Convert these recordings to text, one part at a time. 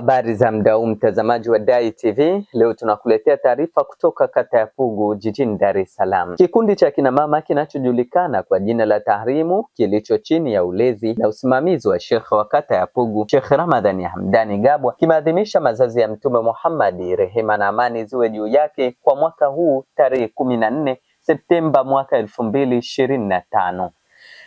Habari za muda huu mtazamaji wa Dai TV, leo tunakuletea taarifa kutoka kata ya Pugu jijini Dar es Salaam. Kikundi cha kinamama kinachojulikana kwa jina la Tahrimu kilicho chini ya ulezi na usimamizi wa shekhe wa kata ya Pugu, Sheikh Ramadhani Hamdani Gabwa kimeadhimisha mazazi ya Mtume Muhammad, rehema na amani ziwe juu yake, kwa mwaka huu tarehe kumi na nne Septemba mwaka elfu mbili ishirini na tano.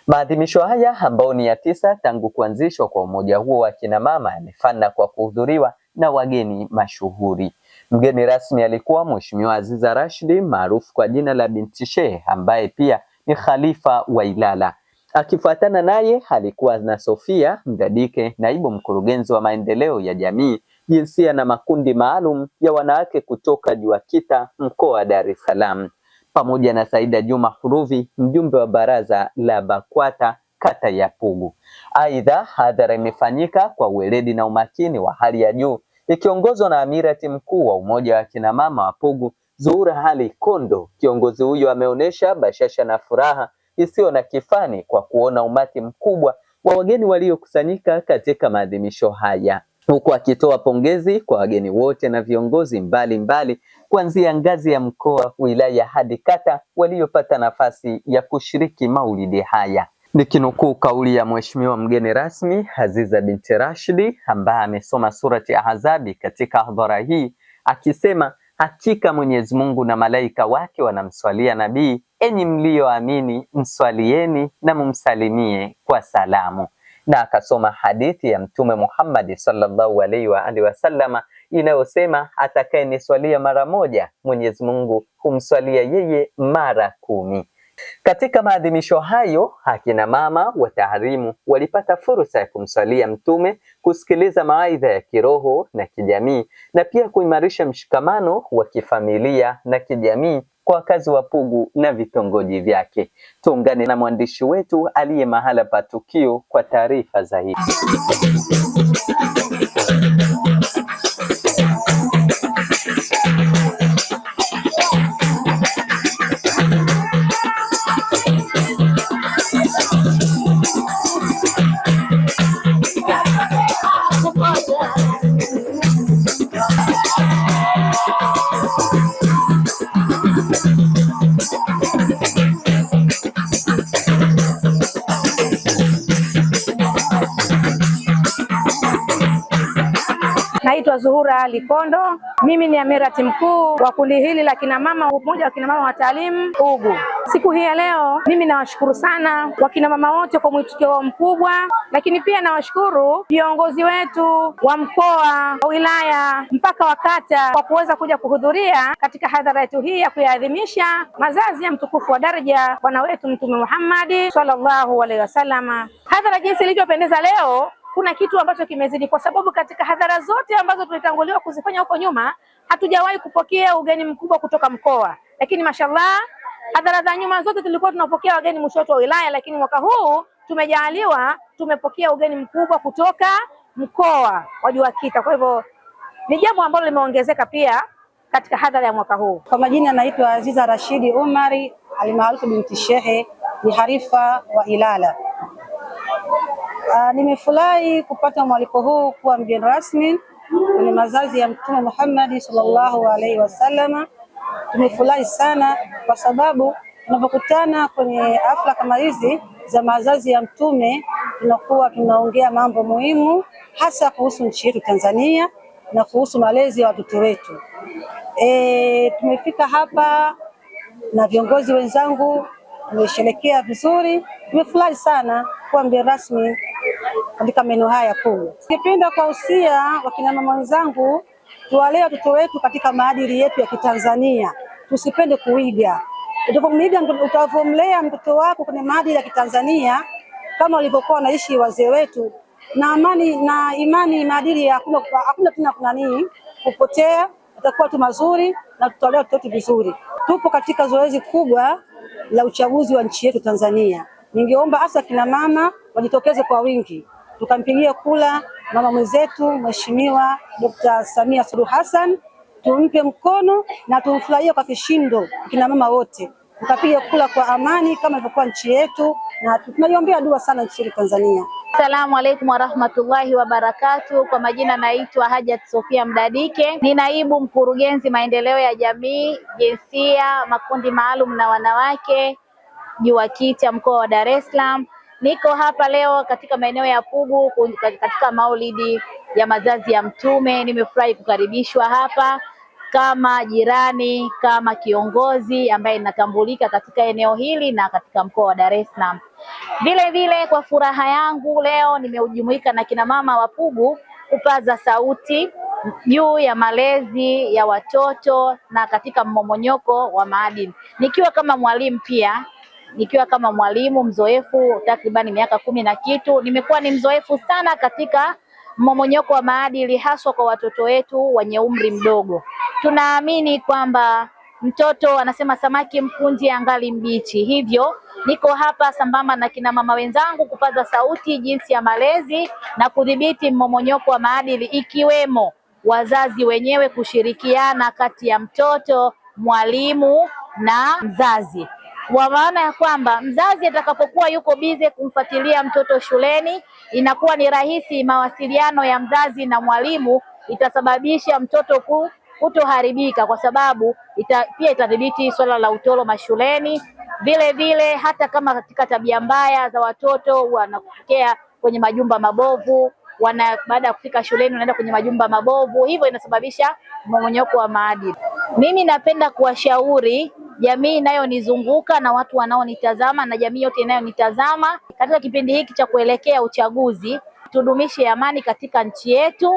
Maadhimisho haya ambao ni ya tisa tangu kuanzishwa kwa umoja huo wa kina mama yamefana kwa kuhudhuriwa na wageni mashuhuri. Mgeni rasmi alikuwa Mheshimiwa Aziza Rashidi maarufu kwa jina la Binti Sheikh ambaye pia ni khalifa wa Ilala. Akifuatana naye alikuwa na Sofia Mdadike, naibu mkurugenzi wa maendeleo ya jamii, jinsia na makundi maalum ya wanawake kutoka Juakita mkoa wa Dar es Salaam pamoja na Saida Juma Huruvi, mjumbe wa baraza la BAKWATA kata ya Pugu. Aidha, hadhara imefanyika kwa weledi na umakini wa hali ya juu ikiongozwa na amirati mkuu wa umoja wa kinamama wa Pugu, Zuhura Ali Kondo. Kiongozi huyo ameonyesha bashasha na furaha isiyo na kifani kwa kuona umati mkubwa wa wageni waliokusanyika katika maadhimisho haya, huku akitoa pongezi kwa wageni wote na viongozi mbalimbali kuanzia ngazi ya mkoa, wilaya hadi kata waliopata nafasi ya kushiriki maulidi haya. Nikinukuu kauli ya Mheshimiwa mgeni rasmi Aziza binti Rashidi ambaye amesoma surati Ahzabi katika hadhara hii akisema, hakika Mwenyezi Mungu na malaika wake wanamswalia nabii, enyi mliyoamini mswalieni na mumsalimie kwa salamu, na akasoma hadithi ya Mtume Muhammad sallallahu alaihi wa alihi wasallama inayosema atakayeniswalia mara moja Mwenyezi Mungu humswalia yeye mara kumi. Katika maadhimisho hayo akina mama wataarimu walipata fursa ya kumswalia Mtume, kusikiliza mawaidha ya kiroho na kijamii, na pia kuimarisha mshikamano wa kifamilia na kijamii kwa wakazi wa Pugu na vitongoji vyake. Tuungane na mwandishi wetu aliye mahala pa tukio kwa taarifa zaidi. Zuhura Ali Kondo. Mimi ni amirati mkuu wa kundi hili la kinamama, umoja wa kinamama wataalimu Ugu. Siku hii ya leo, mimi nawashukuru sana wakinamama wote kwa mwitikio wao mkubwa, lakini pia nawashukuru viongozi wetu wa mkoa, wa wilaya, mpaka wa kata kwa kuweza kuja kuhudhuria katika hadhara yetu hii ya kuyaadhimisha mazazi ya mtukufu wa daraja bwana wetu Mtume Muhammad sallallahu alaihi wasallam. Hadhara jinsi ilivyopendeza leo kuna kitu ambacho kimezidi, kwa sababu katika hadhara zote ambazo tulitanguliwa kuzifanya huko nyuma hatujawahi kupokea ugeni mkubwa kutoka mkoa, lakini mashallah hadhara za nyuma zote tulikuwa tunapokea wageni mwisho wa wilaya, lakini mwaka huu tumejaaliwa tumepokea ugeni mkubwa kutoka mkoa wa Juakita. Kwa hivyo ni jambo ambalo limeongezeka pia katika hadhara ya mwaka huu. Kwa majina anaitwa Aziza Rashidi Umari almaarufu binti Shehe, ni harifa wa Ilala. Uh, nimefurahi kupata mwaliko huu kuwa mgeni rasmi kwenye mazazi ya Mtume Muhammad sallallahu alaihi wasallam. Tumefurahi sana kwa sababu tunapokutana kwenye hafla kama hizi za mazazi ya Mtume tunakuwa tunaongea mambo muhimu hasa kuhusu nchi yetu Tanzania na kuhusu malezi ya watoto wetu. E, tumefika hapa na viongozi wenzangu tumesherekea vizuri, tumefurahi sana kuwa mgeni rasmi katika maeneo haya kuu. Ningependa kuwahusia mama wenzangu, tuwalee watoto wetu katika maadili yetu ya Kitanzania, tusipende kuiga. Utavomwiga, utavomlea mtoto wako kwenye maadili ya Kitanzania kama walivyokuwa wanaishi wazee wetu, na amani na imani, maadili hakuna hakuna tena kuna nini kupotea, atakuwa tu mazuri na tutawalea watoto wetu vizuri. Tupo katika zoezi kubwa la uchaguzi wa nchi yetu Tanzania. Ningeomba hasa kina mama wajitokeze kwa wingi tukampigia kula mama mwenzetu Mheshimiwa Dr. Samia Suluhu Hassan, tumpe mkono na tumfurahie kwa kishindo. Kina mama wote tukapiga kula kwa amani kama ilivyokuwa nchi yetu, na tunaiombea dua sana nchi yetu Tanzania. Asalamu alaikum warahmatullahi wabarakatu Kwa majina naitwa Hajat Sofia Mdadike, ni naibu mkurugenzi maendeleo ya jamii, jinsia, makundi maalum na wanawake, Juwakita mkoa wa Dar es Salaam. Niko hapa leo katika maeneo ya Pugu katika maulidi ya mazazi ya Mtume. Nimefurahi kukaribishwa hapa kama jirani, kama kiongozi ambaye ninatambulika katika eneo hili na katika mkoa wa Dar es Salaam. Vile vile kwa furaha yangu leo nimejumuika na kina mama wa Pugu kupaza sauti juu ya malezi ya watoto na katika mmomonyoko wa maadili, nikiwa kama mwalimu pia nikiwa kama mwalimu mzoefu takribani miaka kumi na kitu, nimekuwa ni mzoefu sana katika mmomonyoko wa maadili, haswa kwa watoto wetu wenye umri mdogo. Tunaamini kwamba mtoto anasema samaki mkunje angali mbichi, hivyo niko hapa sambamba na kina mama wenzangu kupaza sauti jinsi ya malezi na kudhibiti mmomonyoko wa maadili, ikiwemo wazazi wenyewe kushirikiana kati ya mtoto, mwalimu na mzazi kwa maana ya kwamba mzazi atakapokuwa yuko bize kumfuatilia mtoto shuleni, inakuwa ni rahisi mawasiliano ya mzazi na mwalimu, itasababisha mtoto kutoharibika, kwa sababu ita, pia itadhibiti swala la utoro mashuleni. Vile vile hata kama katika tabia mbaya za watoto wanatokea kwenye majumba mabovu wana baada ya kufika shuleni wanaenda kwenye majumba mabovu, hivyo inasababisha mmomonyoko wa maadili. Mimi napenda kuwashauri jamii inayonizunguka na watu wanaonitazama na jamii yote inayonitazama. Katika kipindi hiki cha kuelekea uchaguzi, tudumishe amani katika nchi yetu,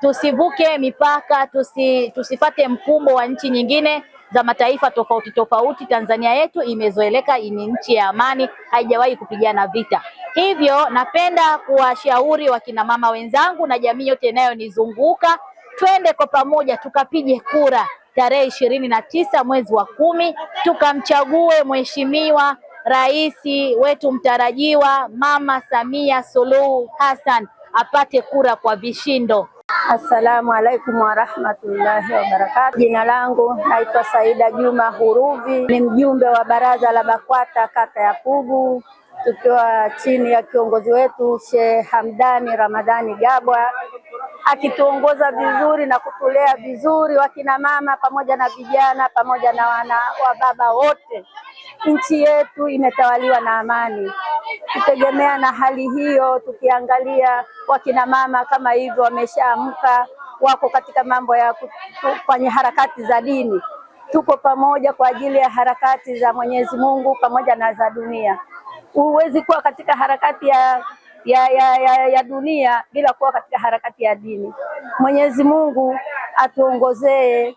tusivuke mipaka, tusi, tusifate mkumbo wa nchi nyingine za mataifa tofauti tofauti. Tanzania yetu imezoeleka ni nchi ya amani, haijawahi kupigana vita. Hivyo napenda kuwashauri mama wenzangu na jamii yote inayonizunguka, twende kwa pamoja tukapige kura tarehe ishirini na tisa mwezi wa kumi tukamchague mheshimiwa rais wetu mtarajiwa Mama Samia Suluhu Hassan apate kura kwa vishindo. Assalamu alaikum warahmatullahi wabarakatu. Jina langu naitwa Saida Juma Huruvi, ni mjumbe wa baraza la BAKWATA kata ya Pugu, tukiwa chini ya kiongozi wetu Sheikh Hamdani Ramadhani Gabwa akituongoza vizuri na kutulea vizuri wakina mama pamoja na vijana pamoja na wana wa baba wote. Nchi yetu imetawaliwa na amani, kutegemea na hali hiyo. Tukiangalia wakina mama kama hivyo, wameshaamka, wako katika mambo ya kufanya harakati za dini. Tuko pamoja kwa ajili ya harakati za Mwenyezi Mungu pamoja na za dunia. Huwezi kuwa katika harakati ya ya, ya, ya, ya dunia bila kuwa katika harakati ya dini. Mwenyezi Mungu atuongozee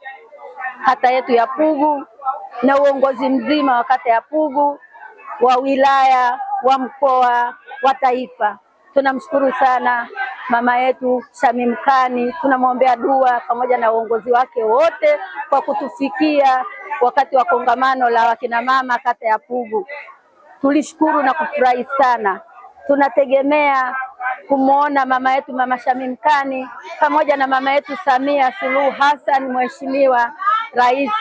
kata yetu ya Pugu na uongozi mzima wa kata ya Pugu, wa wilaya, wa mkoa, wa taifa. Tunamshukuru sana mama yetu Shamim Kani, tunamwombea dua pamoja na uongozi wake wote kwa kutufikia wakati wa kongamano la wakinamama kata ya Pugu. Tulishukuru na kufurahi sana tunategemea kumwona mama yetu Mama Shamim Kani pamoja na mama yetu Samia Suluhu Hassan, Mheshimiwa Rais,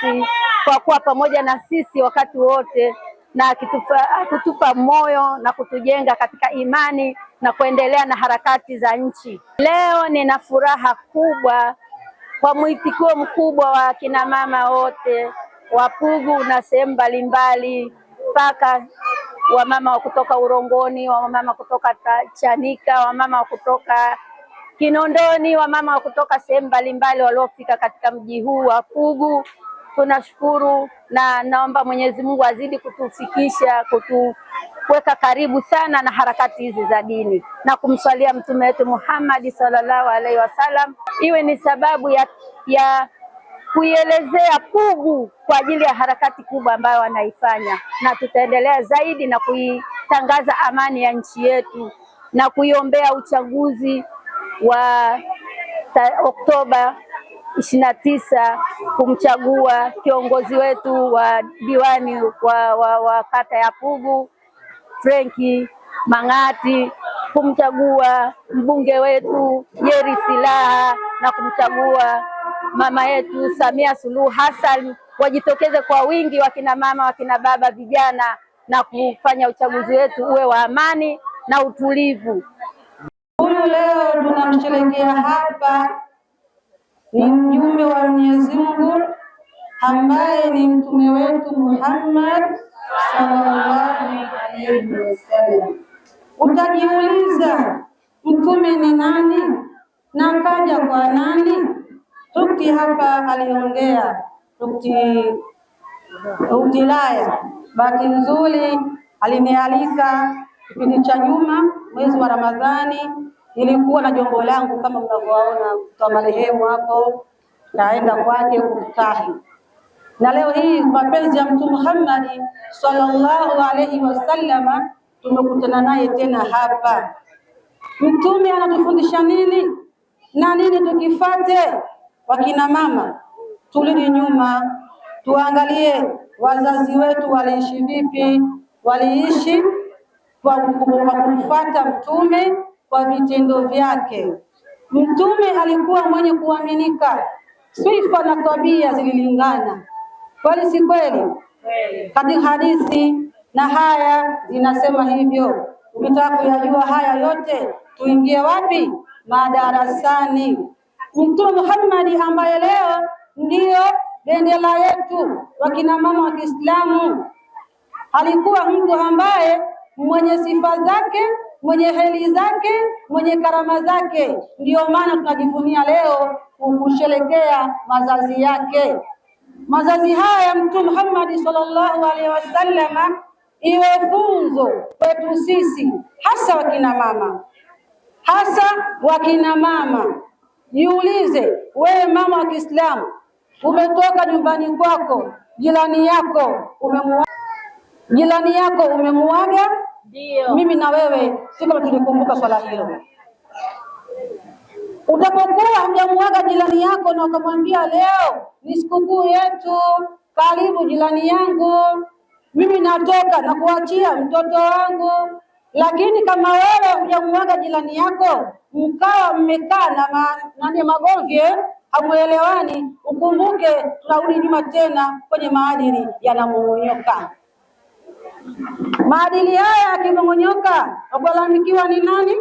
kwa kuwa pamoja na sisi wakati wote na akitupa, kutupa moyo na kutujenga katika imani na kuendelea na harakati za nchi. Leo nina furaha kubwa kwa mwitikio mkubwa wa kina mama wote wa Pugu na sehemu mbalimbali mpaka wamama wa kutoka Urongoni, wamama kutoka Chanika, wamama wa kutoka Kinondoni, wamama wa kutoka sehemu mbalimbali waliofika katika mji huu wa Pugu. Tunashukuru na naomba Mwenyezi Mungu azidi kutufikisha kutuweka karibu sana na harakati hizi za dini na kumswalia mtume wetu Muhammad sallallahu alaihi wasallam, iwe ni sababu ya, ya kuielezea Pugu kwa ajili ya harakati kubwa ambayo wanaifanya, na tutaendelea zaidi na kuitangaza amani ya nchi yetu na kuiombea uchaguzi wa Oktoba ishirini na tisa kumchagua kiongozi wetu wa diwani wa, wa, wa kata ya Pugu Frenki Mang'ati, kumchagua mbunge wetu Jerry Silaha na kumchagua mama yetu Samia Suluhu Hassan wajitokeze kwa wingi, wakina mama, wakina baba, vijana, na kufanya uchaguzi wetu uwe wa amani na utulivu. Huyu leo tunamsherehekea hapa ni mjumbe wa Mwenyezi Mungu ambaye ni mtume wetu Muhammad sallallahu alaihi wasallam. Utajiuliza mtume ni nani na kaja kwa nani? Tukti hapa aliongea tukti Utilaya. Bahati nzuri alinialika kipindi cha nyuma, mwezi wa Ramadhani, nilikuwa na jongo langu kama mnavyoona kwa marehemu hapo, naenda kwake kumstahi. Na leo hii mapenzi ya Mtume Muhammad sallallahu alaihi wasallama tumekutana naye tena hapa. Mtume anatufundisha nini na nini tukifate Wakina mama turudi nyuma, tuangalie wazazi wetu waliishi vipi, waliishi kwa kumfuata Mtume kwa vitendo vyake. Mtume alikuwa mwenye kuaminika, sifa na tabia zililingana, kweli si kweli? Katika hadithi na haya zinasema hivyo. Ukitaka kuyajua haya yote, tuingie wapi? Madarasani. Mtume Muhammad ambaye leo ndiyo bendera yetu wakina mama wa Kiislamu, alikuwa mtu ambaye mwenye sifa zake, mwenye heli zake, mwenye karama zake. Ndiyo maana tunajivunia leo kusherekea mazazi yake. Mazazi haya ya Mtume Muhammad sallallahu alaihi wasallam iwe funzo kwetu sisi, hasa wakina mama, hasa wakina mama Jiulize wewe mama wa Kiislamu, umetoka nyumbani kwako, jirani yako umemwaga, jirani yako umemuaga. Ndio mimi na wewe kama tulikumbuka swala hilo. Utapokuwa hujamuaga jirani yako na ukamwambia leo ni sikukuu yetu, karibu jirani yangu, mimi natoka na kuachia mtoto wangu. Lakini kama wewe hujamuaga jirani yako mkawa mmekaa na nani magomvi eh? Hamuelewani. Ukumbuke tunarudi nyuma tena kwenye maadili yanamong'onyoka. Maadili haya yakimong'onyoka, wakulalamikiwa ni nani?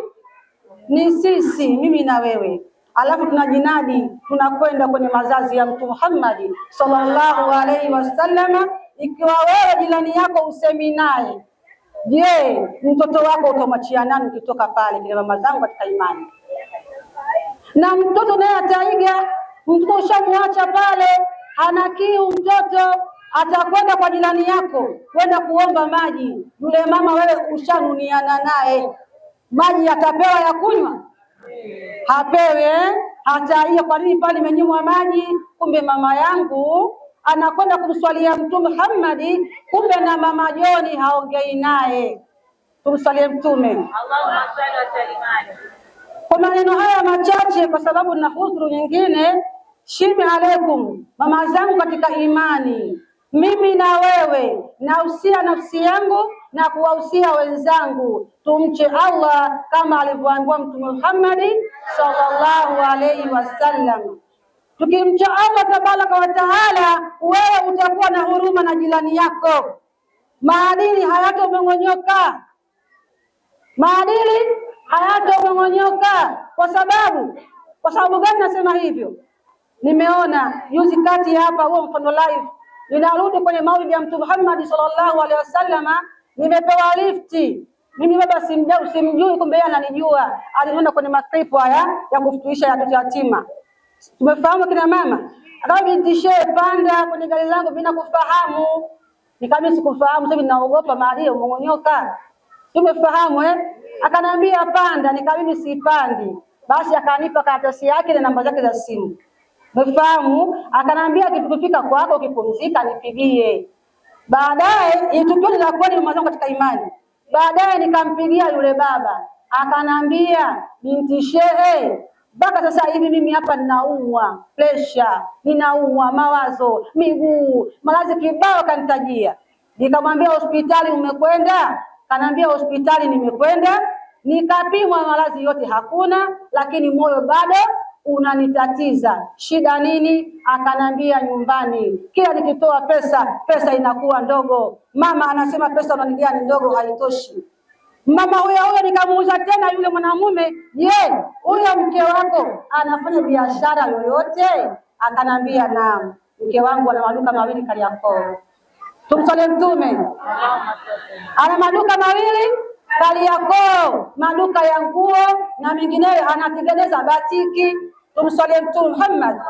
Ni sisi, mimi na wewe. Alafu tunajinadi tunakwenda kwenye mazazi ya Mtume Muhammad sallallahu alaihi wasallam. Ikiwa wewe jirani yako usemi naye Je, mtoto wako utamwachia nani ukitoka pale? Kina mama zangu katika imani, na mtoto naye ataiga. Mtoto ushamwacha pale, ana kiu mtoto atakwenda kwa jirani yako kwenda kuomba maji. Yule mama wewe ushanuniana naye, maji atapewa ya kunywa? Hapewe, eh? hataiga Kwa nini? Pale imenyimwa maji. Kumbe mama yangu anakwenda kumswalia Mtume Muhammad, kumbe na mama Joni haongei naye. Tumswalie Mtume kwa maneno haya machache, kwa sababu na hudhuru nyingine. Shimi alaikum, mama zangu katika imani, mimi na wewe nausia nafsi yangu na kuwausia wenzangu tumche Allah kama alivyoambiwa Mtume Muhammad sallallahu alaihi wasallam. Tukimcha Allah tabaraka wa taala, wewe utakuwa na huruma na jirani yako, maadili hayatomong'onyoka, maadili hayatomong'onyoka. Kwa sababu kwa sababu gani nasema hivyo? Nimeona juzi kati hapa, huo mfano live, ninarudi kwenye maulidi ya Mtume Muhammad sallallahu alaihi wasallam, nimepewa lifti mimi baba simjui, kumbe yeye ananijua. Alienda kwenye makripo haya ya kufutuisha ya watoto yatima Tumefahamu kina mama, akawa binti panda kwenye gari langu, mimi nakufahamu. Nikamwambia sikufahamu, sasa ninaogopa Maria umeonyoka. Tumefahamu eh? Akanambia panda, mimi sipandi. Basi akanipa karatasi yake na namba zake za simu. Umefahamu? Akanambia kitukufika kwako kipumzika nipigie. Baadaye tukio la kweli mazangu katika imani. Baadaye nikampigia yule baba, akanambia binti shehe mpaka sasa hivi mimi hapa ninaumwa presha, ninaumwa mawazo, miguu, malazi kibao. Kanitajia, nikamwambia hospitali umekwenda? Kanaambia hospitali nimekwenda, nikapimwa malazi yote hakuna, lakini moyo bado unanitatiza. Shida nini? Akanambia nyumbani, kila nikitoa pesa, pesa inakuwa ndogo. Mama anasema pesa ni ndogo, haitoshi. Mama huyo huyo nikamuuza tena yule mwanamume. Je, huyo mke wako anafanya biashara yoyote? Akanambia naam, mke wangu ana maduka mawili Kariakoo. Tumsole Mtume, ana maduka mawili Kariakoo, maduka ya nguo na mengineyo, anatengeneza batiki. Tumsole Mtume Muhammad.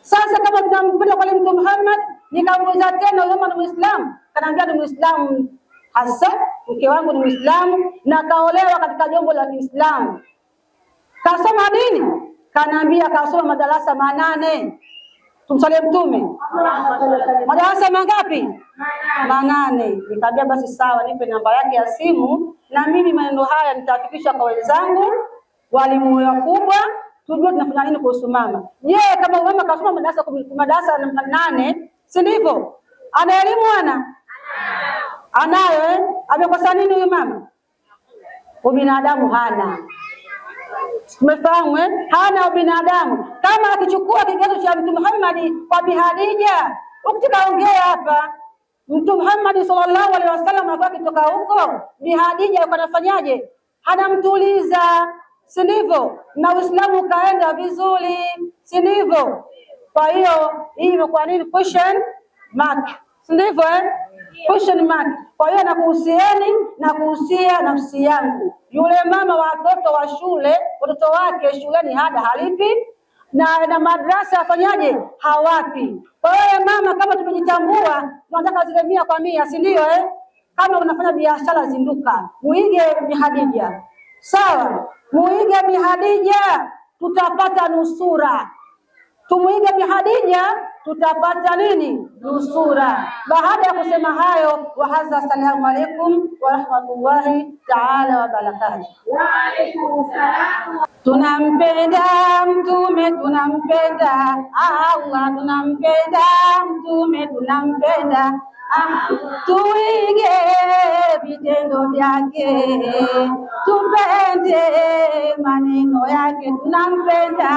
Sasa kama tunamkuta kwa Mtume Muhammad, nikamuuza tena yule mwanamume Muislamu, kanaambia ni Muislamu hasa mke wangu ni Muislamu na kaolewa katika jombo la Kiislamu, kasoma dini, kanaambia kasoma madarasa manane. Tumsalie Mtume, madarasa mangapi? Manane. Nikaambia basi sawa, nipe namba yake ya simu, na mimi maneno haya nitafikisha kwa wenzangu walimu wakubwa, tujue tunafanya nini kuhusu mama. Je, kama mama kasoma madarasa madarasa nane, si ndivyo? Ana elimu ana Anayo eh? Amekosa nini huyu mama? Ubinadamu hana. Umefahamu eh? Hana ubinadamu. Kama akichukua kigezo cha Mtume Muhammad kwa Bi Khadija, hapa Mtume Muhammad sallallahu alaihi wasallam alikuwa akitoka huko, Bi Khadija alikuwa anafanyaje? Anamtuliza, si ndivyo? Na Uislamu ukaenda vizuri, si ndivyo? Kwa hiyo hii imekuwa nini? Question mark, si ndivyo eh? Question mark. Kwa hiyo nakuhusieni na kuhusia nafsi yangu, yule mama wa watoto wa shule, watoto wake shuleni hada halipi na na madrasa afanyaje? Hawapi. Kwa hiyo mama, kama tumejitambua, tunataka zile mia kwa mia, si ndio eh? Kama unafanya biashara zinduka, muige Bi Hadija, sawa? Muige Bi Hadija, tutapata nusura. Tumuige Bi Hadija, tutapata nini? Nusura. Baada ya kusema hayo, wa assalamu alaikum warahmatullahi taala wabarakatu. Tunampenda Mtume, tunampenda Allah, tunampenda Mtume, tunampenda tuige vitendo vyake, tupende maneno yake, tunampenda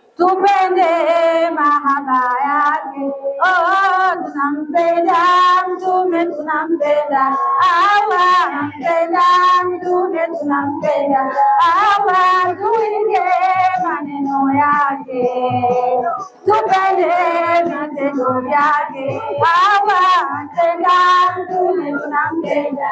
tupende mahaba yake oh tunampenda mtume tunampenda Allah nampenda mtume tunampenda Allah tuige maneno yake tupende matendo yake Allah nampenda mtume tunampenda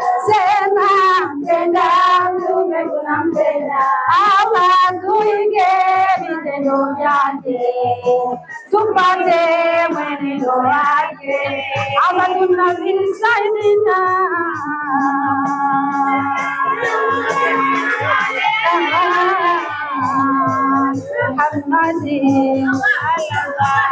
when you I'm a good man inside me now. Have mercy.